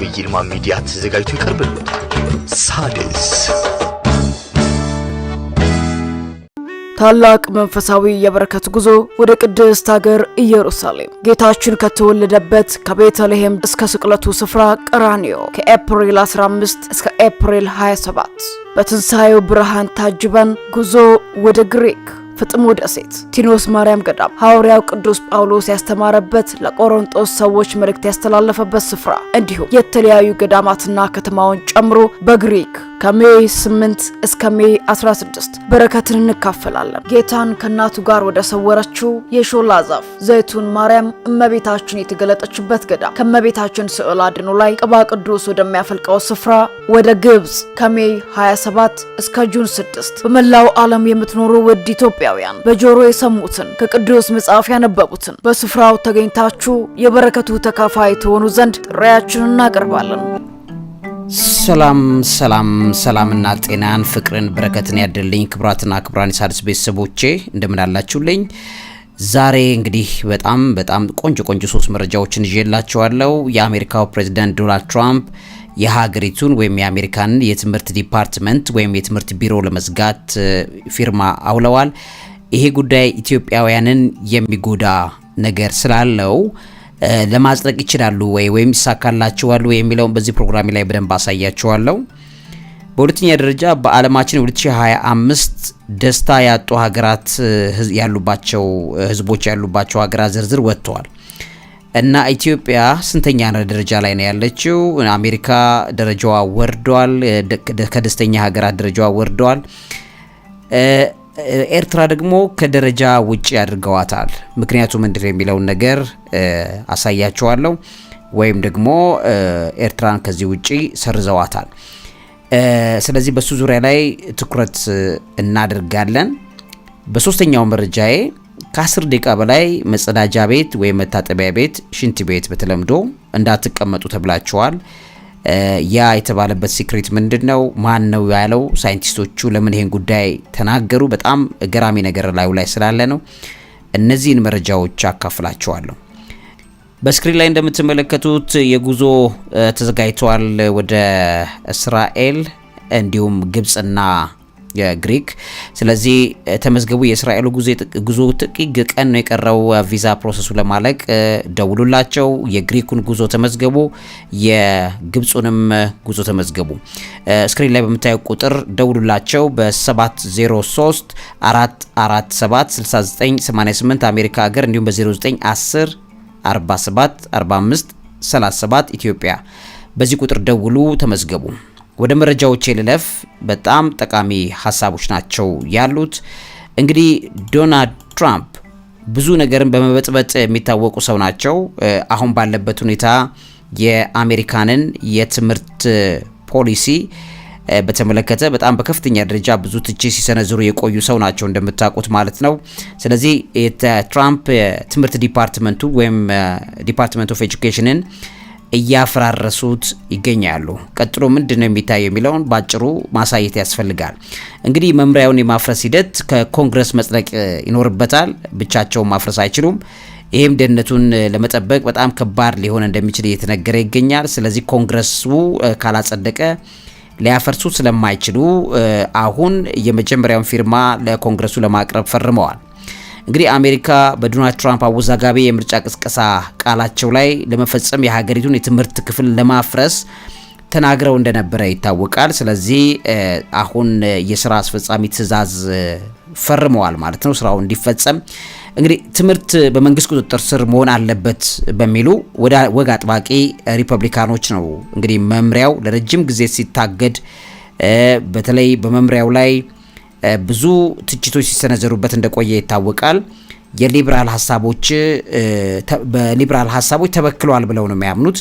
በዐቢይ ይልማ ሚዲያ ተዘጋጅቶ ይቀርብልዎታል። ሳድስ ታላቅ መንፈሳዊ የበረከት ጉዞ ወደ ቅድስት ሀገር ኢየሩሳሌም ጌታችን ከተወለደበት ከቤተልሔም እስከ ስቅለቱ ስፍራ ቀራኒዮ ከኤፕሪል 15 እስከ ኤፕሪል 27 በትንሣኤው ብርሃን ታጅበን ጉዞ ወደ ግሪክ ፍጥሞ ደሴት ቲኖስ ማርያም ገዳም ሐዋርያው ቅዱስ ጳውሎስ ያስተማረበት ለቆሮንጦስ ሰዎች መልእክት ያስተላለፈበት ስፍራ እንዲሁም የተለያዩ ገዳማትና ከተማውን ጨምሮ በግሪክ ከሜይ 8 እስከ ሜይ 16 በረከትን እንካፈላለን። ጌታን ከእናቱ ጋር ወደ ሰወረችው የሾላ ዛፍ ዘይቱን ማርያም እመቤታችን የተገለጠችበት ገዳም ከእመቤታችን ስዕል አድኑ ላይ ቅባ ቅዱስ ወደሚያፈልቀው ስፍራ ወደ ግብፅ ከሜይ 27 እስከ ጁን 6 በመላው ዓለም የምትኖሩ ውድ ኢትዮጵያውያን በጆሮ የሰሙትን ከቅዱስ መጽሐፍ ያነበቡትን በስፍራው ተገኝታችሁ የበረከቱ ተካፋይ ትሆኑ ዘንድ ጥሪያችንን እናቀርባለን። ሰላም ሰላም ሰላምና ጤናን ፍቅርን በረከትን ያደልኝ ክብራትና ክብራን የሣድስ ቤተሰቦቼ እንደምናላችሁልኝ ዛሬ እንግዲህ በጣም በጣም ቆንጆ ቆንጆ ሶስት መረጃዎችን ይዤላችኋለሁ። የአሜሪካው ፕሬዚዳንት ዶናልድ ትራምፕ የሀገሪቱን ወይም የአሜሪካንን የትምህርት ዲፓርትመንት ወይም የትምህርት ቢሮ ለመዝጋት ፊርማ አውለዋል። ይሄ ጉዳይ ኢትዮጵያውያንን የሚጎዳ ነገር ስላለው ለማጽደቅ ይችላሉ ወይ ወይም ይሳካላቸዋል ወይ የሚለውን በዚህ ፕሮግራሜ ላይ በደንብ አሳያቸዋለሁ። በሁለተኛ ደረጃ በዓለማችን 2025 ደስታ ያጡ ሀገራት ያሉባቸው ህዝቦች ያሉባቸው ሀገራት ዝርዝር ወጥተዋል እና ኢትዮጵያ ስንተኛ ደረጃ ላይ ነው ያለችው? አሜሪካ ደረጃዋ ወርደዋል፣ ከደስተኛ ሀገራት ደረጃዋ ወርደዋል። ኤርትራ ደግሞ ከደረጃ ውጭ አድርገዋታል። ምክንያቱ ምንድን ነው የሚለውን ነገር አሳያችኋለሁ። ወይም ደግሞ ኤርትራን ከዚህ ውጭ ሰርዘዋታል። ስለዚህ በሱ ዙሪያ ላይ ትኩረት እናደርጋለን። በሶስተኛው መረጃዬ ከአስር ደቂቃ በላይ መጸዳጃ ቤት ወይም መታጠቢያ ቤት፣ ሽንት ቤት በተለምዶ እንዳትቀመጡ ተብላችኋል። ያ የተባለበት ሲክሬት ምንድን ነው? ማን ነው ያለው? ሳይንቲስቶቹ ለምን ይሄን ጉዳይ ተናገሩ? በጣም ገራሚ ነገር ላዩ ላይ ስላለ ነው እነዚህን መረጃዎች አካፍላቸዋለሁ። በስክሪን ላይ እንደምትመለከቱት የጉዞ ተዘጋጅተዋል ወደ እስራኤል እንዲሁም ግብጽና የግሪክ ስለዚህ ተመዝገቡ። የእስራኤሉ ጉዞ ጥቂት ቀን ነው የቀረው ቪዛ ፕሮሰሱ ለማለቅ። ደውሉላቸው። የግሪኩን ጉዞ ተመዝገቡ፣ የግብፁንም ጉዞ ተመዝገቡ። ስክሪን ላይ በምታየው ቁጥር ደውሉላቸው። በ703 447 6988 አሜሪካ ሀገር እንዲሁም በ 0910 47 45 37 ኢትዮጵያ በዚህ ቁጥር ደውሉ፣ ተመዝገቡ። ወደ መረጃዎች ልለፍ። በጣም ጠቃሚ ሀሳቦች ናቸው ያሉት። እንግዲህ ዶናልድ ትራምፕ ብዙ ነገርን በመበጥበጥ የሚታወቁ ሰው ናቸው። አሁን ባለበት ሁኔታ የአሜሪካንን የትምህርት ፖሊሲ በተመለከተ በጣም በከፍተኛ ደረጃ ብዙ ትችት ሲሰነዝሩ የቆዩ ሰው ናቸው እንደምታውቁት ማለት ነው። ስለዚህ ትራምፕ ትምህርት ዲፓርትመንቱ ወይም ዲፓርትመንት ኦፍ ኤጁኬሽንን እያፈራረሱት ይገኛሉ። ቀጥሎ ምንድን ነው የሚታየው የሚለውን በአጭሩ ማሳየት ያስፈልጋል። እንግዲህ መምሪያውን የማፍረስ ሂደት ከኮንግረስ መጽደቅ ይኖርበታል። ብቻቸውን ማፍረስ አይችሉም። ይህም ደህንነቱን ለመጠበቅ በጣም ከባድ ሊሆን እንደሚችል እየተነገረ ይገኛል። ስለዚህ ኮንግረሱ ካላጸደቀ ሊያፈርሱ ስለማይችሉ አሁን የመጀመሪያውን ፊርማ ለኮንግረሱ ለማቅረብ ፈርመዋል። እንግዲህ አሜሪካ በዶናልድ ትራምፕ አወዛጋቢ የምርጫ ቅስቀሳ ቃላቸው ላይ ለመፈጸም የሀገሪቱን የትምህርት ክፍል ለማፍረስ ተናግረው እንደነበረ ይታወቃል። ስለዚህ አሁን የስራ አስፈጻሚ ትዕዛዝ ፈርመዋል ማለት ነው ስራው እንዲፈጸም እንግዲህ ትምህርት በመንግስት ቁጥጥር ስር መሆን አለበት በሚሉ ወግ አጥባቂ ሪፐብሊካኖች ነው እንግዲህ መምሪያው ለረጅም ጊዜ ሲታገድ በተለይ በመምሪያው ላይ ብዙ ትችቶች ሲሰነዘሩበት እንደቆየ ይታወቃል። የሊብራል ሀሳቦች በሊብራል ሀሳቦች ተበክለዋል ብለው ነው የሚያምኑት።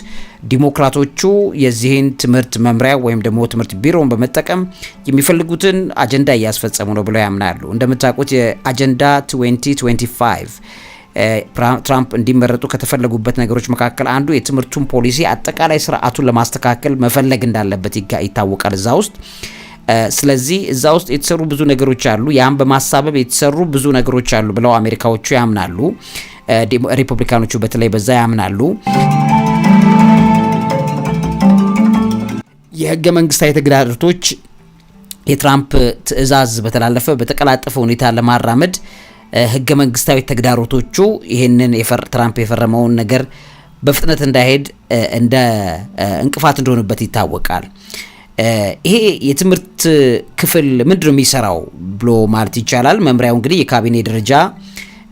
ዲሞክራቶቹ የዚህን ትምህርት መምሪያ ወይም ደግሞ ትምህርት ቢሮውን በመጠቀም የሚፈልጉትን አጀንዳ እያስፈጸሙ ነው ብለው ያምናሉ። እንደምታውቁት የአጀንዳ 2025 ትራምፕ እንዲመረጡ ከተፈለጉበት ነገሮች መካከል አንዱ የትምህርቱን ፖሊሲ አጠቃላይ ስርዓቱን ለማስተካከል መፈለግ እንዳለበት ይታወቃል። እዛ ውስጥ ስለዚህ እዛ ውስጥ የተሰሩ ብዙ ነገሮች አሉ። ያም በማሳበብ የተሰሩ ብዙ ነገሮች አሉ ብለው አሜሪካዎቹ ያምናሉ። ሪፐብሊካኖቹ በተለይ በዛ ያምናሉ። የህገ መንግስታዊ ተግዳሮቶች የትራምፕ ትዕዛዝ በተላለፈ በተቀላጠፈ ሁኔታ ለማራመድ ህገ መንግስታዊ ተግዳሮቶቹ ይህንን ትራምፕ የፈረመውን ነገር በፍጥነት እንዳይሄድ እንደ እንቅፋት እንደሆኑበት ይታወቃል። ይሄ የትምህርት ክፍል ምንድነው የሚሰራው ብሎ ማለት ይቻላል። መምሪያው እንግዲህ የካቢኔ ደረጃ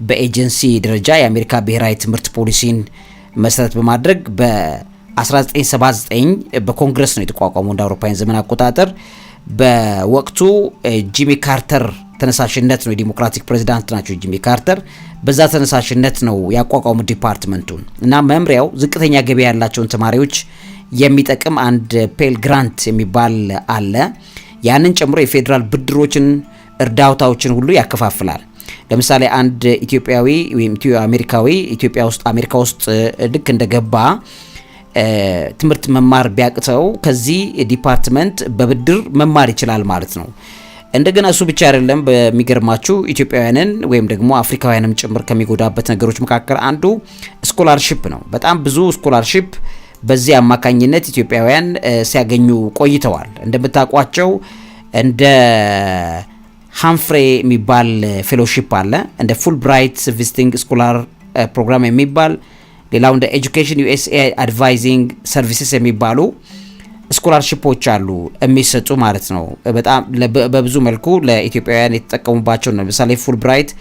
በኤጀንሲ ደረጃ የአሜሪካ ብሔራዊ ትምህርት ፖሊሲን መሰረት በማድረግ በ1979 በኮንግረስ ነው የተቋቋመው እንደ አውሮፓውያን ዘመን አቆጣጠር። በወቅቱ ጂሚ ካርተር ተነሳሽነት ነው የዲሞክራቲክ ፕሬዚዳንት ናቸው ጂሚ ካርተር። በዛ ተነሳሽነት ነው ያቋቋሙ ዲፓርትመንቱን እና መምሪያው ዝቅተኛ ገቢ ያላቸውን ተማሪዎች የሚጠቅም አንድ ፔል ግራንት የሚባል አለ። ያንን ጨምሮ የፌዴራል ብድሮችን፣ እርዳታዎችን ሁሉ ያከፋፍላል። ለምሳሌ አንድ ኢትዮጵያዊ ወይም ኢትዮ አሜሪካዊ ኢትዮጵያ ውስጥ አሜሪካ ውስጥ ልክ እንደገባ ትምህርት መማር ቢያቅተው ከዚህ ዲፓርትመንት በብድር መማር ይችላል ማለት ነው። እንደገና እሱ ብቻ አይደለም። በሚገርማችሁ ኢትዮጵያውያንን ወይም ደግሞ አፍሪካውያንም ጭምር ከሚጎዳበት ነገሮች መካከል አንዱ ስኮላርሺፕ ነው። በጣም ብዙ ስኮላርሺፕ በዚህ አማካኝነት ኢትዮጵያውያን ሲያገኙ ቆይተዋል። እንደምታውቋቸው እንደ ሃምፍሬ የሚባል ፌሎሺፕ አለ፣ እንደ ፉል ብራይት ቪዚቲንግ ስኮላር ፕሮግራም የሚባል ሌላው እንደ ኤጁኬሽን ዩኤስኤ አድቫይዚንግ ሰርቪስስ የሚባሉ ስኮላርሽፖች አሉ የሚሰጡ ማለት ነው። በጣም በብዙ መልኩ ለኢትዮጵያውያን የተጠቀሙባቸው ነው። ለምሳሌ ፉል ብራይት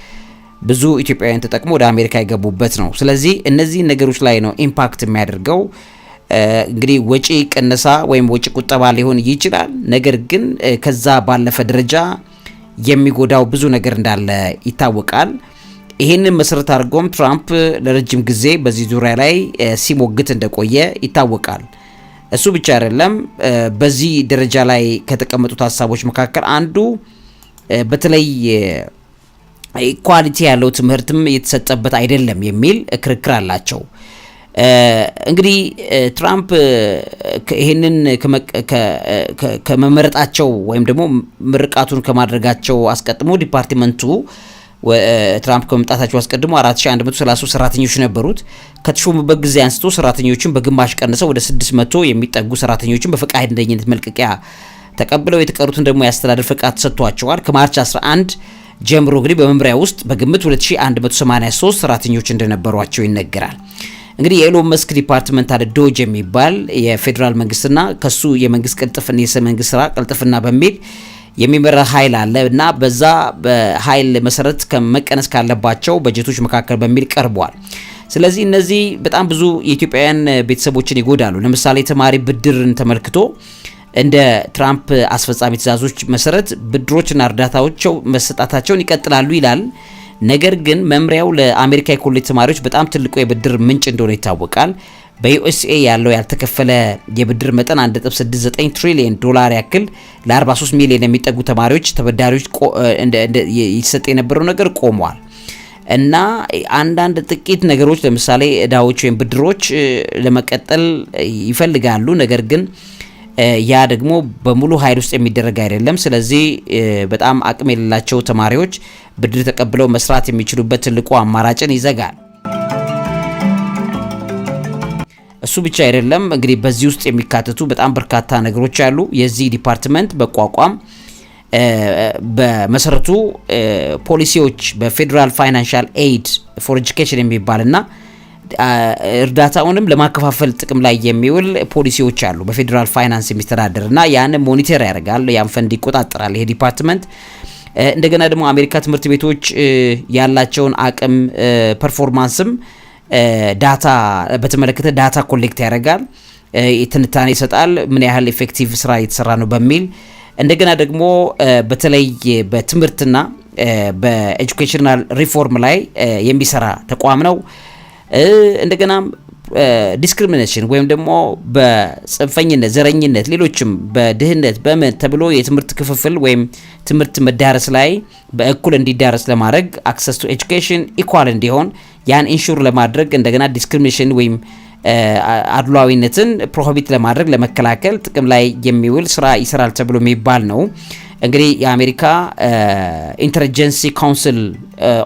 ብዙ ኢትዮጵያውያን ተጠቅሞ ወደ አሜሪካ የገቡበት ነው። ስለዚህ እነዚህ ነገሮች ላይ ነው ኢምፓክት የሚያደርገው። እንግዲህ ወጪ ቅነሳ ወይም ወጪ ቁጠባ ሊሆን ይችላል። ነገር ግን ከዛ ባለፈ ደረጃ የሚጎዳው ብዙ ነገር እንዳለ ይታወቃል። ይህንን መሰረት አድርጎም ትራምፕ ለረጅም ጊዜ በዚህ ዙሪያ ላይ ሲሞግት እንደቆየ ይታወቃል። እሱ ብቻ አይደለም። በዚህ ደረጃ ላይ ከተቀመጡት ሀሳቦች መካከል አንዱ በተለይ ኳሊቲ ያለው ትምህርትም የተሰጠበት አይደለም የሚል ክርክር አላቸው። እንግዲህ ትራምፕ ይህንን ከመመረጣቸው ወይም ደግሞ ምርቃቱን ከማድረጋቸው አስቀድሞ ዲፓርትመንቱ ትራምፕ ከመምጣታቸው አስቀድሞ 4133 ሰራተኞች ነበሩት። ከተሾሙበት ጊዜ አንስቶ ሰራተኞችን በግማሽ ቀንሰው ወደ 600 የሚጠጉ ሰራተኞችን በፈቃደኝነት መልቀቂያ ተቀብለው የተቀሩትን ደግሞ የአስተዳደር ፈቃድ ሰጥቷቸዋል። ከማርች 11 ጀምሮ እንግዲህ በመምሪያ ውስጥ በግምት 2183 ሰራተኞች እንደነበሯቸው ይነገራል። እንግዲህ የኤሎን መስክ ዲፓርትመንት አለ ዶጅ የሚባል የፌዴራል መንግስትና ከሱ የመንግስት ቅልጥፍና መንግስት ስራ ቅልጥፍና በሚል የሚመራ ኃይል አለ እና በዛ በኃይል መሰረት ከመቀነስ ካለባቸው በጀቶች መካከል በሚል ቀርቧል። ስለዚህ እነዚህ በጣም ብዙ የኢትዮጵያውያን ቤተሰቦችን ይጎዳሉ። ለምሳሌ ተማሪ ብድርን ተመልክቶ እንደ ትራምፕ አስፈጻሚ ትእዛዞች መሰረት ብድሮችና እርዳታቸው መሰጣታቸውን ይቀጥላሉ ይላል። ነገር ግን መምሪያው ለአሜሪካ የኮሌጅ ተማሪዎች በጣም ትልቁ የብድር ምንጭ እንደሆነ ይታወቃል። በዩኤስኤ ያለው ያልተከፈለ የብድር መጠን 1.69 ትሪሊየን ዶላር ያክል ለ43 ሚሊዮን የሚጠጉ ተማሪዎች ተበዳሪዎች ይሰጥ የነበረው ነገር ቆሟል። እና አንዳንድ ጥቂት ነገሮች ለምሳሌ እዳዎች ወይም ብድሮች ለመቀጠል ይፈልጋሉ ነገር ግን ያ ደግሞ በሙሉ ኃይል ውስጥ የሚደረግ አይደለም። ስለዚህ በጣም አቅም የሌላቸው ተማሪዎች ብድር ተቀብለው መስራት የሚችሉበት ትልቁ አማራጭን ይዘጋል። እሱ ብቻ አይደለም። እንግዲህ በዚህ ውስጥ የሚካተቱ በጣም በርካታ ነገሮች አሉ። የዚህ ዲፓርትመንት በቋቋም በመሰረቱ ፖሊሲዎች በፌዴራል ፋይናንሻል ኤይድ ፎር ኤጁኬሽን የሚባልና እርዳታውንም ለማከፋፈል ጥቅም ላይ የሚውል ፖሊሲዎች አሉ። በፌዴራል ፋይናንስ የሚስተዳደር እና ያን ሞኒተር ያደርጋል። ያን ፈንድ ይቆጣጠራል ይሄ ዲፓርትመንት። እንደገና ደግሞ አሜሪካ ትምህርት ቤቶች ያላቸውን አቅም ፐርፎርማንስም ዳታ በተመለከተ ዳታ ኮሌክት ያደርጋል፣ ትንታኔ ይሰጣል፣ ምን ያህል ኤፌክቲቭ ስራ እየተሰራ ነው በሚል እንደገና ደግሞ በተለይ በትምህርትና በኤጁኬሽናል ሪፎርም ላይ የሚሰራ ተቋም ነው። እንደገናም ዲስክሪሚኔሽን ወይም ደግሞ በጽንፈኝነት፣ ዘረኝነት፣ ሌሎችም በድህነት በምን ተብሎ የትምህርት ክፍፍል ወይም ትምህርት መዳረስ ላይ በእኩል እንዲዳረስ ለማድረግ አክሰስ ቱ ኤጁኬሽን ኢኳል እንዲሆን ያን ኢንሹር ለማድረግ እንደገና ዲስክሪሚኔሽን ወይም አድሏዊነትን ፕሮሆቢት ለማድረግ ለመከላከል ጥቅም ላይ የሚውል ስራ ይሰራል ተብሎ የሚባል ነው። እንግዲህ የአሜሪካ ኢንተርጀንሲ ካውንስል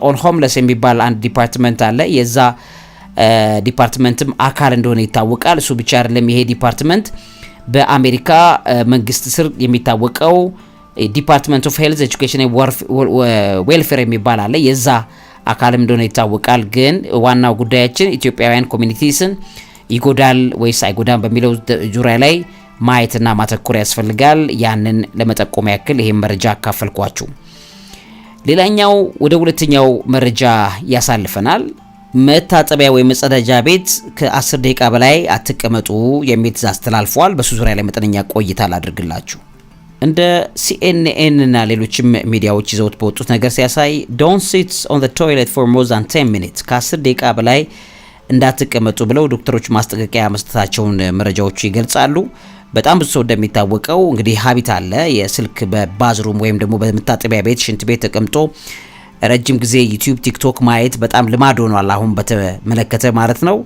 ኦን ሆምለስ የሚባል አንድ ዲፓርትመንት አለ የዛ ዲፓርትመንትም አካል እንደሆነ ይታወቃል። እሱ ብቻ አይደለም። ይሄ ዲፓርትመንት በአሜሪካ መንግስት ስር የሚታወቀው ዲፓርትመንት ኦፍ ሄልዝ ኤጁኬሽን ዌልፌር የሚባል አለ። የዛ አካልም እንደሆነ ይታወቃል። ግን ዋናው ጉዳያችን ኢትዮጵያውያን ኮሚኒቲስን ይጎዳል ወይስ አይጎዳም በሚለው ዙሪያ ላይ ማየትና ማተኮር ያስፈልጋል። ያንን ለመጠቆም ያክል ይህም መረጃ አካፈልኳችሁ። ሌላኛው ወደ ሁለተኛው መረጃ ያሳልፈናል። መታጠቢያ ወይም መጸዳጃ ቤት ከ10 ደቂቃ በላይ አትቀመጡ የሚል ትእዛዝ ተላልፏል። በሱ ዙሪያ ላይ መጠነኛ ቆይታ ላድርግላችሁ። እንደ ሲኤንኤን እና ሌሎችም ሚዲያዎች ይዘውት በወጡት ነገር ሲያሳይ ዶንት ሲት ኦን ቶይሌት ፎር ሞር ዛን 10 ሚኒት ከ10 ደቂቃ በላይ እንዳትቀመጡ ብለው ዶክተሮች ማስጠንቀቂያ መስጠታቸውን መረጃዎቹ ይገልጻሉ። በጣም ብዙ ሰው እንደሚታወቀው እንግዲህ ሀቢት አለ የስልክ በባዝሩም ወይም ደግሞ በመታጠቢያ ቤት ሽንት ቤት ተቀምጦ ረጅም ጊዜ ዩቲዩብ፣ ቲክቶክ ማየት በጣም ልማድ ሆኗል፣ አሁን በተመለከተ ማለት ነው።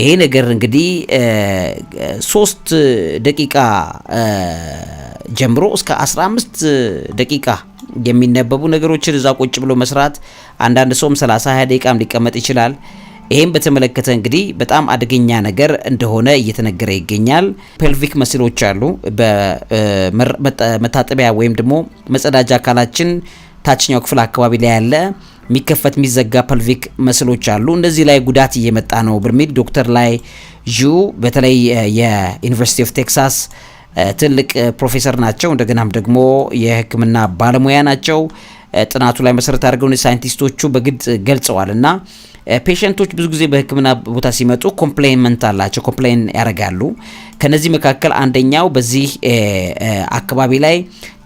ይሄ ነገር እንግዲህ ሶስት ደቂቃ ጀምሮ እስከ 15 ደቂቃ የሚነበቡ ነገሮችን እዛ ቁጭ ብሎ መስራት፣ አንዳንድ ሰውም 30 20 ደቂቃም ሊቀመጥ ይችላል። ይህም በተመለከተ እንግዲህ በጣም አደገኛ ነገር እንደሆነ እየተነገረ ይገኛል። ፔልቪክ መስሎች አሉ በመታጠቢያ ወይም ደግሞ መጸዳጃ አካላችን ታችኛው ክፍል አካባቢ ላይ ያለ የሚከፈት የሚዘጋ ፐልቪክ መስሎች አሉ። እንደዚህ ላይ ጉዳት እየመጣ ነው በሚል ዶክተር ላይ ዩ በተለይ የዩኒቨርሲቲ ኦፍ ቴክሳስ ትልቅ ፕሮፌሰር ናቸው። እንደገናም ደግሞ የሕክምና ባለሙያ ናቸው። ጥናቱ ላይ መሰረት አድርገው ሳይንቲስቶቹ በግልጽ ገልጸዋል እና ፔሸንቶች ብዙ ጊዜ በህክምና ቦታ ሲመጡ ኮምፕሌንመንት አላቸው፣ ኮምፕሌን ያደርጋሉ። ከነዚህ መካከል አንደኛው በዚህ አካባቢ ላይ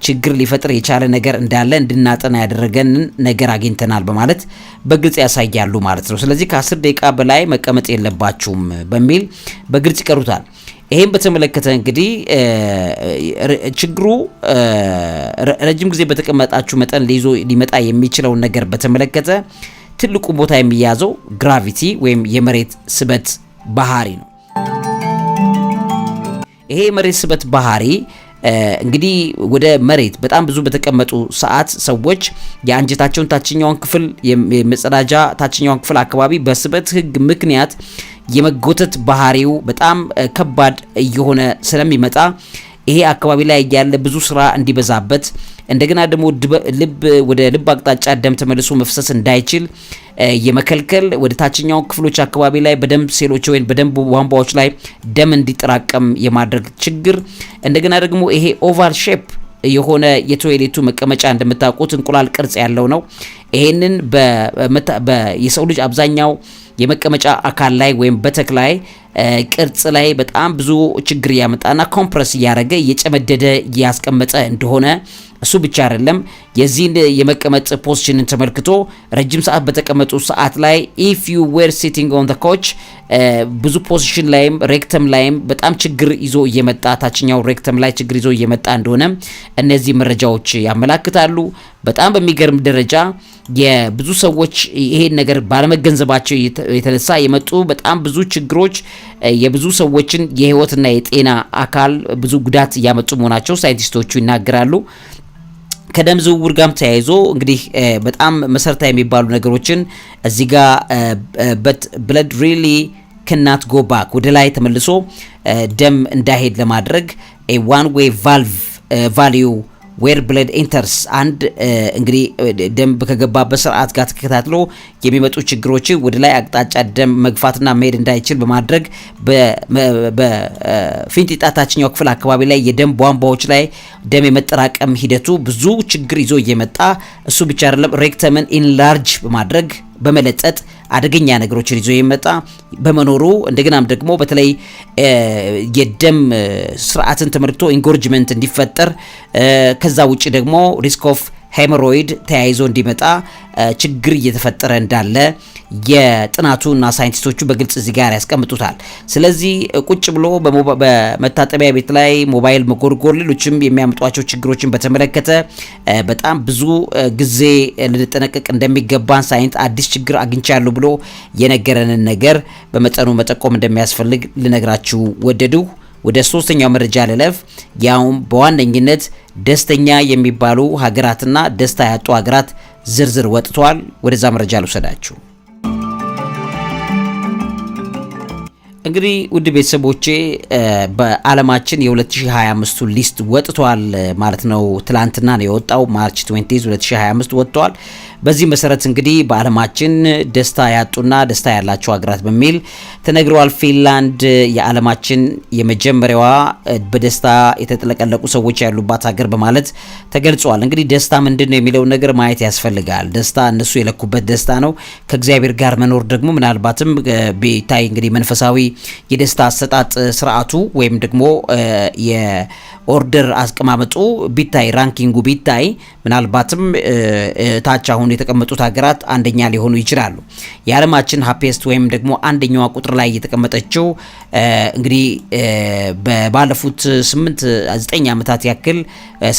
ችግር ሊፈጥር የቻለ ነገር እንዳለ እንድናጠና ያደረገን ነገር አግኝተናል በማለት በግልጽ ያሳያሉ ማለት ነው። ስለዚህ ከአስር ደቂቃ በላይ መቀመጥ የለባችሁም በሚል በግልጽ ይቀሩታል። ይሄን በተመለከተ እንግዲህ ችግሩ ረጅም ጊዜ በተቀመጣችሁ መጠን ሊይዞ ሊመጣ የሚችለውን ነገር በተመለከተ ትልቁ ቦታ የሚያዘው ግራቪቲ ወይም የመሬት ስበት ባህሪ ነው። ይሄ የመሬት ስበት ባህሪ እንግዲህ ወደ መሬት በጣም ብዙ በተቀመጡ ሰዓት ሰዎች የአንጀታቸውን ታችኛውን ክፍል የመጸዳጃ ታችኛውን ክፍል አካባቢ በስበት ሕግ ምክንያት የመጎተት ባህሪው በጣም ከባድ እየሆነ ስለሚመጣ ይሄ አካባቢ ላይ ያለ ብዙ ስራ እንዲበዛበት እንደገና ደግሞ ልብ ወደ ልብ አቅጣጫ ደም ተመልሶ መፍሰስ እንዳይችል የመከልከል ወደ ታችኛው ክፍሎች አካባቢ ላይ በደም ሴሎች ወይም በደም ቧንቧዎች ላይ ደም እንዲጠራቀም የማድረግ ችግር እንደገና ደግሞ ይሄ ኦቫል ሼፕ የሆነ የቶይሌቱ መቀመጫ እንደምታውቁት እንቁላል ቅርጽ ያለው ነው። ይሄንን የሰው ልጅ አብዛኛው የመቀመጫ አካል ላይ ወይም በተክ ላይ ቅርጽ ላይ በጣም ብዙ ችግር እያመጣና ኮምፕረስ እያደረገ እየጨመደደ እያስቀመጠ እንደሆነ እሱ ብቻ አይደለም። የዚህን የመቀመጥ ፖዚሽንን ተመልክቶ ረጅም ሰዓት በተቀመጡ ሰዓት ላይ ኢፍ ዩ ዌር ሲቲንግ ኦን ኮች ብዙ ፖዚሽን ላይም ሬክተም ላይም በጣም ችግር ይዞ እየመጣ ታችኛው ሬክተም ላይ ችግር ይዞ እየመጣ እንደሆነ እነዚህ መረጃዎች ያመላክታሉ። በጣም በሚገርም ደረጃ የብዙ ሰዎች ይሄን ነገር ባለመገንዘባቸው የተነሳ የመጡ በጣም ብዙ ችግሮች የብዙ ሰዎችን የህይወትና የጤና አካል ብዙ ጉዳት እያመጡ መሆናቸው ሳይንቲስቶቹ ይናገራሉ። ከደም ዝውውር ጋም ተያይዞ እንግዲህ በጣም መሰረታዊ የሚባሉ ነገሮችን እዚህ ጋር በት ብለድ ሪሊ ክናት ጎ ባክ ወደ ላይ ተመልሶ ደም እንዳይሄድ ለማድረግ ዋን ዌይ ቫልቭ ቫሊዩ ዌር ብሌድ ኢንተርስ አንድ እንግዲህ ደንብ ከገባበት ስርዓት ጋር ተከታትሎ የሚመጡ ችግሮች ወደ ላይ አቅጣጫ ደም መግፋትና መሄድ እንዳይችል በማድረግ በፊንጢጣ ታችኛው ክፍል አካባቢ ላይ የደም ቧንቧዎች ላይ ደም የመጠራቀም ሂደቱ ብዙ ችግር ይዞ እየመጣ እሱ ብቻ አይደለም ሬክተምን ኢንላርጅ በማድረግ በመለጠጥ አደገኛ ነገሮችን ይዞ የመጣ በመኖሩ እንደገናም ደግሞ በተለይ የደም ስርዓትን ተመልክቶ ኢንጎርጅመንት እንዲፈጠር ከዛ ውጭ ደግሞ ሪስክ ኦፍ ሄሞሮይድ ተያይዞ እንዲመጣ ችግር እየተፈጠረ እንዳለ እና ሳይንቲስቶቹ በግልጽ እዚህ ጋር ያስቀምጡታል። ስለዚህ ቁጭ ብሎ በመታጠቢያ ቤት ላይ ሞባይል መጎርጎር፣ ሌሎችም የሚያመጧቸው ችግሮችን በተመለከተ በጣም ብዙ ጊዜ ልንጠነቀቅ እንደሚገባን ሳይንስ አዲስ ችግር አግኝቻለሁ ብሎ የነገረንን ነገር በመጠኑ መጠቆም እንደሚያስፈልግ ልነግራችሁ ወደድሁ። ወደ ሶስተኛው መረጃ ልለፍ። ያውም በዋነኝነት ደስተኛ የሚባሉ ሀገራትና ደስታ ያጡ ሀገራት ዝርዝር ወጥቷል። ወደዛ መረጃ ልውሰዳችሁ። እንግዲህ ውድ ቤተሰቦቼ በዓለማችን የ2025ቱ ሊስት ወጥቷል ማለት ነው። ትላንትና ነው የወጣው ማርች 20 2025 ወጥቷል። በዚህ መሰረት እንግዲህ በዓለማችን ደስታ ያጡና ደስታ ያላቸው ሀገራት በሚል ተነግረዋል። ፊንላንድ የዓለማችን የመጀመሪያዋ በደስታ የተጥለቀለቁ ሰዎች ያሉባት ሀገር በማለት ተገልጿል። እንግዲህ ደስታ ምንድን ነው የሚለውን ነገር ማየት ያስፈልጋል። ደስታ እነሱ የለኩበት ደስታ ነው። ከእግዚአብሔር ጋር መኖር ደግሞ ምናልባትም ቤታይ እንግዲህ መንፈሳዊ የደስታ አሰጣጥ ስርዓቱ ወይም ደግሞ ኦርደር አስቀማመጡ ቢታይ ራንኪንጉ ቢታይ ምናልባትም ታች አሁን የተቀመጡት ሀገራት አንደኛ ሊሆኑ ይችላሉ። የዓለማችን ሀፒስት ወይም ደግሞ አንደኛዋ ቁጥር ላይ የተቀመጠችው እንግዲህ ባለፉት ስምንት ዘጠኝ ዓመታት ያክል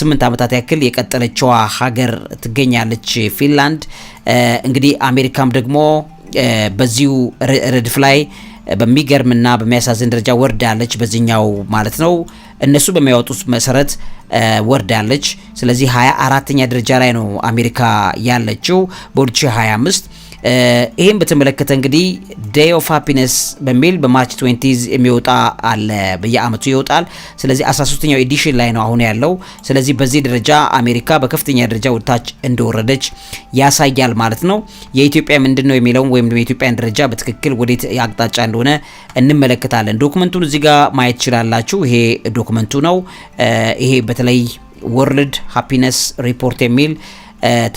ስምንት ዓመታት ያክል የቀጠለችዋ ሀገር ትገኛለች ፊንላንድ። እንግዲህ አሜሪካም ደግሞ በዚሁ ረድፍ ላይ በሚገርምና በሚያሳዝን ደረጃ ወርዳለች በዚህኛው ማለት ነው። እነሱ በሚያወጡት መሰረት ወርዳለች። ስለዚህ 24ተኛ ደረጃ ላይ ነው አሜሪካ ያለችው በ2025 ይህም በተመለከተ እንግዲህ ዴይ ኦፍ ሃፒነስ በሚል በማርች 20 የሚወጣ አለ፣ በየአመቱ ይወጣል። ስለዚህ 13ኛው ኤዲሽን ላይ ነው አሁን ያለው። ስለዚህ በዚህ ደረጃ አሜሪካ በከፍተኛ ደረጃ ወደታች እንደወረደች ያሳያል ማለት ነው። የኢትዮጵያ ምንድን ነው የሚለውን ወይም የኢትዮጵያን ደረጃ በትክክል ወዴት አቅጣጫ እንደሆነ እንመለከታለን። ዶክመንቱን እዚህ ጋር ማየት ትችላላችሁ። ይሄ ዶክመንቱ ነው። ይሄ በተለይ ወርልድ ሃፒነስ ሪፖርት የሚል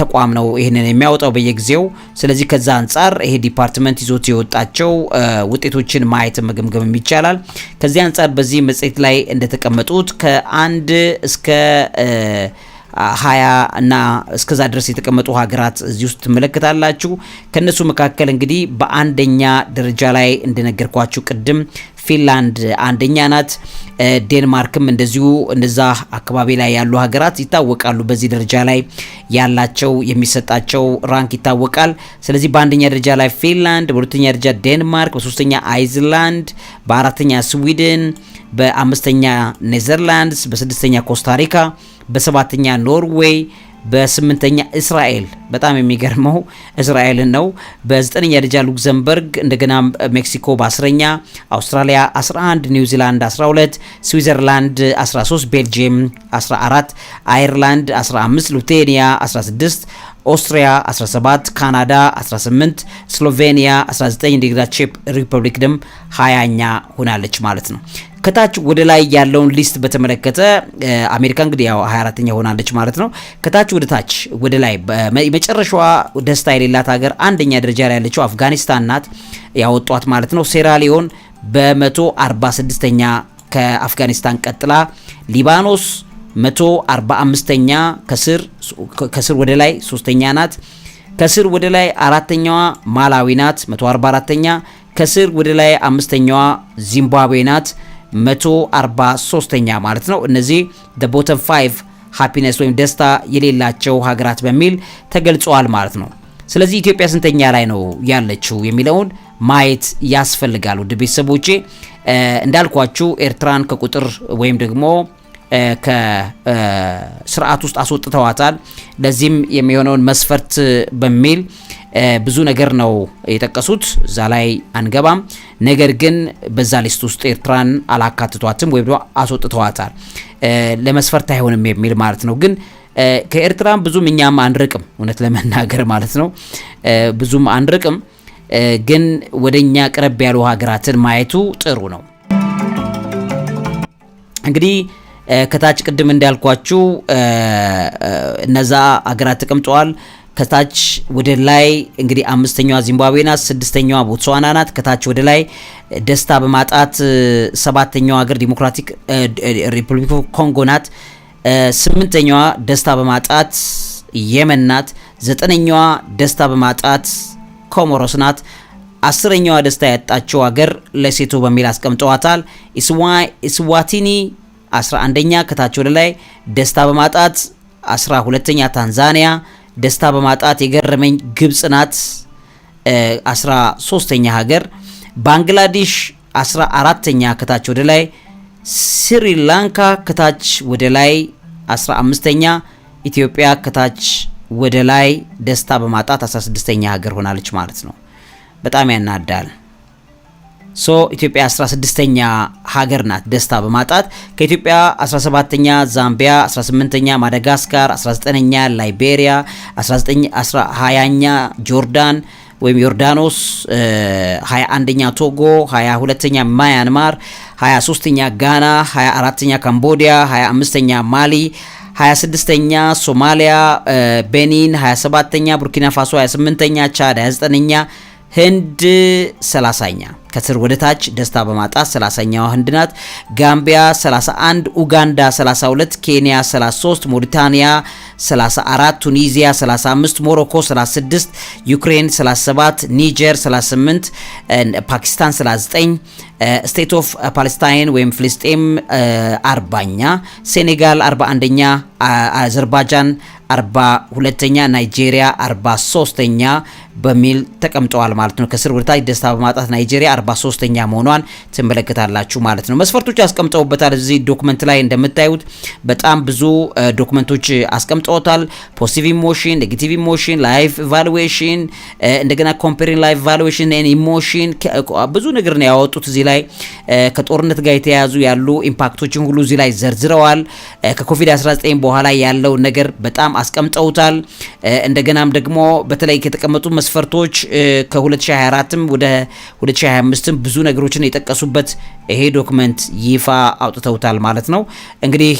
ተቋም ነው ይህንን የሚያወጣው በየጊዜው። ስለዚህ ከዛ አንጻር ይሄ ዲፓርትመንት ይዞት የወጣቸው ውጤቶችን ማየት መገምገም ይቻላል። ከዚህ አንጻር በዚህ መጽሔት ላይ እንደተቀመጡት ከአንድ እስከ ሀያ እና እስከዛ ድረስ የተቀመጡ ሀገራት እዚህ ውስጥ ትመለከታላችሁ። ከነሱ መካከል እንግዲህ በአንደኛ ደረጃ ላይ እንደነገርኳችሁ ቅድም ፊንላንድ አንደኛ ናት። ዴንማርክም እንደዚሁ እንደዛ አካባቢ ላይ ያሉ ሀገራት ይታወቃሉ። በዚህ ደረጃ ላይ ያላቸው የሚሰጣቸው ራንክ ይታወቃል። ስለዚህ በአንደኛ ደረጃ ላይ ፊንላንድ፣ በሁለተኛ ደረጃ ዴንማርክ፣ በሶስተኛ አይዝላንድ፣ በአራተኛ ስዊድን፣ በአምስተኛ ኔዘርላንድስ፣ በስድስተኛ ኮስታሪካ፣ በሰባተኛ ኖርዌይ በስምንተኛ እስራኤል በጣም የሚገርመው እስራኤልን ነው። በዘጠነኛ ደረጃ ሉክዘምበርግ፣ እንደገና ሜክሲኮ በአስረኛ አውስትራሊያ 11 ኒውዚላንድ 12 ስዊዘርላንድ 13 ቤልጅየም 14 አይርላንድ 15 ሉቴኒያ 16 ኦስትሪያ 17 ካናዳ 18 ስሎቬኒያ 19 ዲግራ ቼክ ሪፐብሊክ ደም 20ኛ ሆናለች ማለት ነው። ከታች ወደ ላይ ያለውን ሊስት በተመለከተ አሜሪካ እንግዲህ ያው 24ኛ ሆናለች ማለት ነው። ከታች ወደ ታች ወደ ላይ መጨረሻዋ ደስታ የሌላት ሀገር አንደኛ ደረጃ ላይ ያለችው አፍጋኒስታን ናት ያወጧት ማለት ነው። ሴራሊዮን በ146ኛ ከአፍጋኒስታን ቀጥላ ሊባኖስ 145ኛ ከስር ከስር ወደ ላይ ሶስተኛ ናት። ከስር ወደ ላይ አራተኛዋ ማላዊ ናት 144ኛ ከስር ወደ ላይ አምስተኛዋ ዚምባብዌ ናት። 143ኛ ማለት ነው። እነዚህ ደ ቦተም 5 ሃፒነስ ወይም ደስታ የሌላቸው ሀገራት በሚል ተገልጸዋል ማለት ነው። ስለዚህ ኢትዮጵያ ስንተኛ ላይ ነው ያለችው የሚለውን ማየት ያስፈልጋል። ውድ ቤተሰቦቼ እንዳልኳችሁ ኤርትራን ከቁጥር ወይም ደግሞ ከስርዓት ውስጥ አስወጥተዋታል። ለዚህም የሚሆነውን መስፈርት በሚል ብዙ ነገር ነው የጠቀሱት። እዛ ላይ አንገባም። ነገር ግን በዛ ሊስት ውስጥ ኤርትራን አላካትቷትም ወይም አስወጥተዋታል። ለመስፈርት አይሆንም የሚል ማለት ነው ግን ከኤርትራም ብዙም እኛም አንርቅም፣ እውነት ለመናገር ማለት ነው ብዙም አንርቅም። ግን ወደ እኛ ቅረብ ያሉ ሀገራትን ማየቱ ጥሩ ነው እንግዲህ ከታች ቅድም እንዳልኳችሁ እነዛ አገራት ተቀምጠዋል። ከታች ወደ ላይ እንግዲህ አምስተኛዋ ዚምባብዌ ናት። ስድስተኛዋ ቦትስዋና ናት። ከታች ወደ ላይ ደስታ በማጣት ሰባተኛዋ ሀገር ዲሞክራቲክ ሪፑብሊክ ኮንጎ ናት። ስምንተኛዋ ደስታ በማጣት የመን ናት። ዘጠነኛዋ ደስታ በማጣት ኮሞሮስ ናት። አስረኛዋ ደስታ ያጣቸው ሀገር ለሴቶ በሚል አስቀምጠዋታል። ኢስዋቲኒ 11ኛ ከታች ወደ ላይ ደስታ በማጣት 12ኛ ታንዛኒያ ደስታ በማጣት የገረመኝ ግብጽ ናት 13ኛ ሀገር ባንግላዴሽ 14ኛ ከታች ወደ ላይ ስሪላንካ ከታች ወደ ላይ 15ኛ ኢትዮጵያ ከታች ወደ ላይ ደስታ በማጣት 16ኛ ሀገር ሆናለች ማለት ነው። በጣም ያናዳል። ሶ ኢትዮጵያ 16ተኛ ሀገር ናት ደስታ በማጣት ከኢትዮጵያ 17ተኛ ዛምቢያ፣ 18ኛ ማዳጋስካር፣ 19ኛ ላይቤሪያ፣ 20ኛ ጆርዳን ወይም ዮርዳኖስ፣ 21ኛ ቶጎ፣ 22ኛ ማያንማር፣ 23ኛ ጋና፣ 24ኛ ካምቦዲያ፣ 25ኛ ማሊ 26ኛ ሶማሊያ፣ ቤኒን 27ኛ ቡርኪና ፋሶ 28ኛ ቻድ 29ኛ ህንድ ሰላሳኛ ከስር ወደ ታች ደስታ በማጣት ሰላሳኛዋ ህንድ ናት። ጋምቢያ 31፣ ኡጋንዳ 32፣ ኬንያ 33፣ ሞሪታንያ 34፣ ቱኒዚያ 35፣ ሞሮኮ 36፣ ዩክሬን 37፣ ኒጀር 38፣ ፓኪስታን 39፣ ስቴት ኦፍ ፓለስታይን ወይም ፍልስጤም 40ኛ፣ ሴኔጋል 41ኛ፣ አዘርባጃን 42ኛ፣ ናይጄሪያ 43ኛ በሚል ተቀምጠዋል ማለት ነው። ከስር ወደ ደስታ በማጣት ናይጄሪያ 43ኛ መሆኗን ትመለከታላችሁ ማለት ነው። መስፈርቶች አስቀምጠውበታል። እዚህ ዶክመንት ላይ እንደምታዩት በጣም ብዙ ዶክመንቶች አስቀምጠውታል። ፖዚቲቭ ኢሞሽን፣ ኔጌቲቭ ኢሞሽን፣ ላይፍ ኢቫሉዌሽን፣ እንደገና ኮምፔሪንግ ላይፍ ኢቫሉዌሽን ኤን ኢሞሽን ብዙ ነገር ነው ያወጡት እዚህ ላይ ከጦርነት ጋር የተያያዙ ያሉ ኢምፓክቶችን ሁሉ እዚህ ላይ ዘርዝረዋል። ከኮቪድ-19 በኋላ ያለው ነገር በጣም አስቀምጠውታል። እንደገናም ደግሞ በተለይ ከተቀመጡ መስፈርቶች ከ2024ም ወደ 2025ም ብዙ ነገሮችን የጠቀሱበት ይሄ ዶክመንት ይፋ አውጥተውታል ማለት ነው። እንግዲህ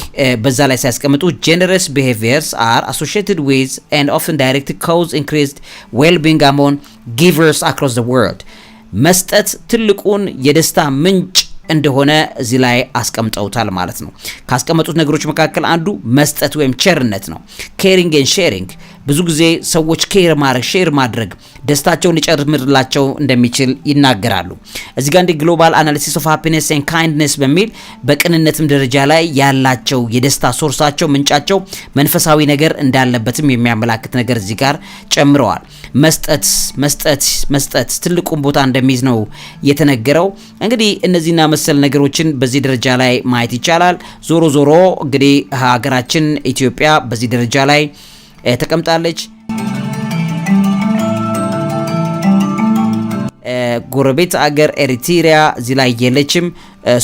በዛ ላይ ሲያስቀምጡ ጀነረስ ቢሄቪየርስ አር አሶሺየትድ ዊዝ ኤንድ ኦፍን ዳይሬክት ኮዝ ኢንክሪዝድ ዌልቢንግ አሞን ጊቨርስ አክሮስ ዘ ወርልድ መስጠት ትልቁን የደስታ ምንጭ እንደሆነ እዚህ ላይ አስቀምጠውታል ማለት ነው። ካስቀመጡት ነገሮች መካከል አንዱ መስጠት ወይም ቸርነት ነው። ኬሪንግ ኤንድ ሼሪንግ ብዙ ጊዜ ሰዎች ኬር ማድረግ ሼር ማድረግ ደስታቸውን ሊጨምርላቸው እንደሚችል ይናገራሉ። እዚ ጋ እንዲህ ግሎባል አናሊሲስ ኦፍ ሃፒነስ ኤንድ ካይንድነስ በሚል በቅንነትም ደረጃ ላይ ያላቸው የደስታ ሶርሳቸው ምንጫቸው መንፈሳዊ ነገር እንዳለበትም የሚያመላክት ነገር እዚህ ጋር ጨምረዋል። መስጠት መስጠት መስጠት ትልቁን ቦታ እንደሚይዝ ነው የተነገረው። እንግዲህ እነዚህና መሰል ነገሮችን በዚህ ደረጃ ላይ ማየት ይቻላል። ዞሮ ዞሮ እንግዲህ ሀገራችን ኢትዮጵያ በዚህ ደረጃ ላይ ተቀምጣለች። ጎረቤት አገር ኤሪትሪያ እዚህ ላይ የለችም።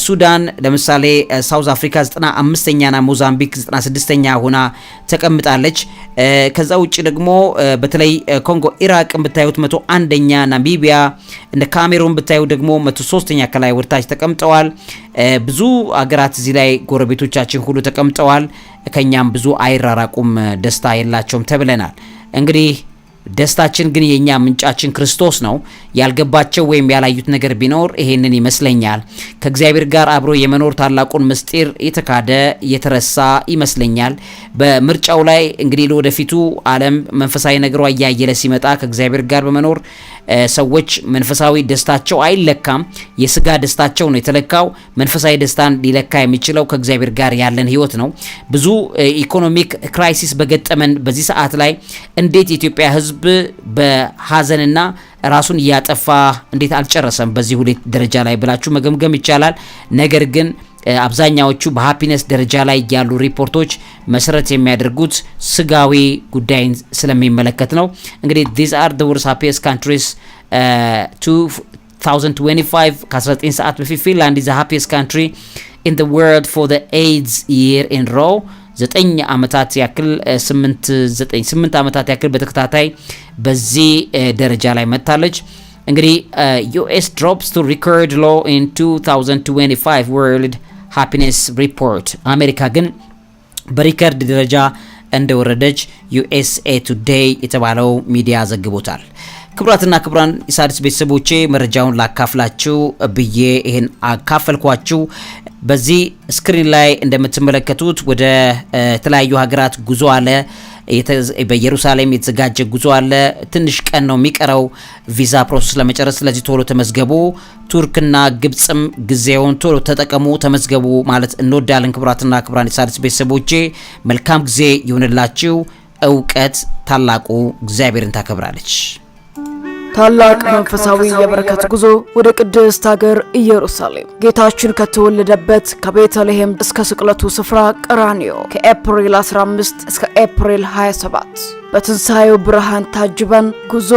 ሱዳን ለምሳሌ ሳውዝ አፍሪካ 95 ኛ ና ሞዛምቢክ 96ኛ ሆና ተቀምጣለች። ከዛ ውጭ ደግሞ በተለይ ኮንጎ ኢራቅን ብታዩት 101ኛ፣ ናሚቢያ እንደ ካሜሩን ብታዩ ደግሞ 103ኛ ከላይ ወርታች ተቀምጠዋል። ብዙ አገራት እዚህ ላይ ጎረቤቶቻችን ሁሉ ተቀምጠዋል። ከኛም ብዙ አይራራቁም፣ ደስታ የላቸውም ተብለናል እንግዲህ ደስታችን ግን የኛ ምንጫችን ክርስቶስ ነው። ያልገባቸው ወይም ያላዩት ነገር ቢኖር ይሄንን ይመስለኛል። ከእግዚአብሔር ጋር አብሮ የመኖር ታላቁን ምስጢር የተካደ የተረሳ ይመስለኛል። በምርጫው ላይ እንግዲህ ለወደፊቱ ዓለም መንፈሳዊ ነገሯ እያየለ ሲመጣ ከእግዚአብሔር ጋር በመኖር ሰዎች መንፈሳዊ ደስታቸው አይለካም። የስጋ ደስታቸው ነው የተለካው። መንፈሳዊ ደስታን ሊለካ የሚችለው ከእግዚአብሔር ጋር ያለን ህይወት ነው። ብዙ ኢኮኖሚክ ክራይሲስ በገጠመን በዚህ ሰዓት ላይ እንዴት የኢትዮጵያ ህዝብ በሀዘንና ራሱን እያጠፋ እንዴት አልጨረሰም በዚህ ሁሌት ደረጃ ላይ ብላችሁ መገምገም ይቻላል። ነገር ግን አብዛኛዎቹ በሀፒነስ ደረጃ ላይ ያሉ ሪፖርቶች መሰረት የሚያደርጉት ስጋዊ ጉዳይን ስለሚመለከት ነው። እንግዲህ ዲዝ አር ዘ ወርስ ሃፒስት ካንትሪስ 2025 ከ19 ሰዓት በፊት ፊንላንድ ዘ ሃፒስት ካንትሪ ኢን ዘ ወርልድ ፎር ዘ ኤድስ ይር ኢን ሮው ዘጠኝ ዓመታት ያክል ስምንት ዘጠኝ ስምንት ዓመታት ያክል በተከታታይ በዚህ ደረጃ ላይ መጥታለች። እንግዲህ ዩኤስ ድሮፕስ ቱ ሪኮርድ ሎ ኢን 2025 ወርልድ ሃፒነስ ሪፖርት አሜሪካ ግን በሪከርድ ደረጃ እንደወረደች ዩኤስኤ ቱዴይ የተባለው ሚዲያ ዘግቦታል። ክቡራትና ክቡራን የሣድስ ቤተሰቦቼ መረጃውን ላካፍላችሁ ብዬ ይህን አካፈልኳችሁ። በዚህ ስክሪን ላይ እንደምትመለከቱት ወደ ተለያዩ ሀገራት ጉዞ አለ በኢየሩሳሌም የተዘጋጀ ጉዞ አለ። ትንሽ ቀን ነው የሚቀረው ቪዛ ፕሮሰስ ለመጨረስ። ስለዚህ ቶሎ ተመዝገቡ። ቱርክና ግብፅም ጊዜውን ቶሎ ተጠቀሙ፣ ተመዝገቡ ማለት እንወዳለን። ክቡራትና ክቡራን የሣድስ ቤተሰቦቼ መልካም ጊዜ ይሁንላችሁ። እውቀት ታላቁ እግዚአብሔርን ታከብራለች። ታላቅ መንፈሳዊ የበረከት ጉዞ ወደ ቅድስት ሀገር ኢየሩሳሌም ጌታችን ከተወለደበት ከቤተልሔም እስከ ስቅለቱ ስፍራ ቀራኒዮ ከኤፕሪል 15 እስከ ኤፕሪል 27 በትንሣኤው ብርሃን ታጅበን ጉዞ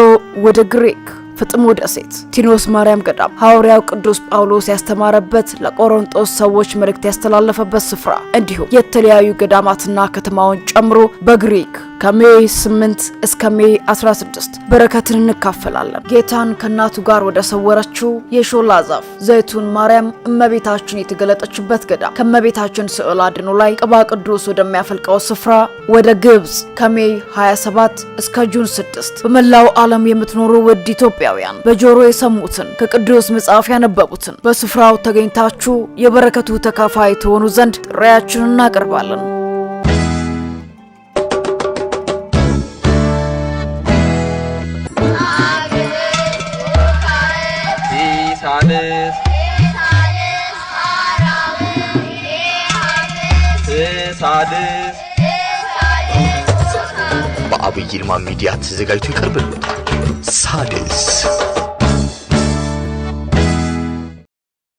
ወደ ግሪክ ፍጥሞ ደሴት ቲኖስ ማርያም ገዳም ሐዋርያው ቅዱስ ጳውሎስ ያስተማረበት ለቆሮንጦስ ሰዎች መልእክት ያስተላለፈበት ስፍራ እንዲሁም የተለያዩ ገዳማትና ከተማውን ጨምሮ በግሪክ ከሜ 8 እስከ ሜ 16 በረከትን እንካፈላለን። ጌታን ከእናቱ ጋር ወደ ሰወረችው የሾላ ዛፍ ዘይቱን ማርያም እመቤታችን የተገለጠችበት ገዳም ከእመቤታችን ስዕል አድኑ ላይ ቅባ ቅዱስ ወደሚያፈልቀው ስፍራ ወደ ግብፅ ከሜ 27 እስከ ጁን 6 በመላው ዓለም የምትኖሩ ውድ ኢትዮጵያውያን በጆሮ የሰሙትን ከቅዱስ መጽሐፍ ያነበቡትን በስፍራው ተገኝታችሁ የበረከቱ ተካፋይ ትሆኑ ዘንድ ጥሪያችን እናቀርባለን። ሳልፍ በአብይ ይልማ ሚዲያ ተዘጋጅቶ ይቀርብልዎታል። ሳድስ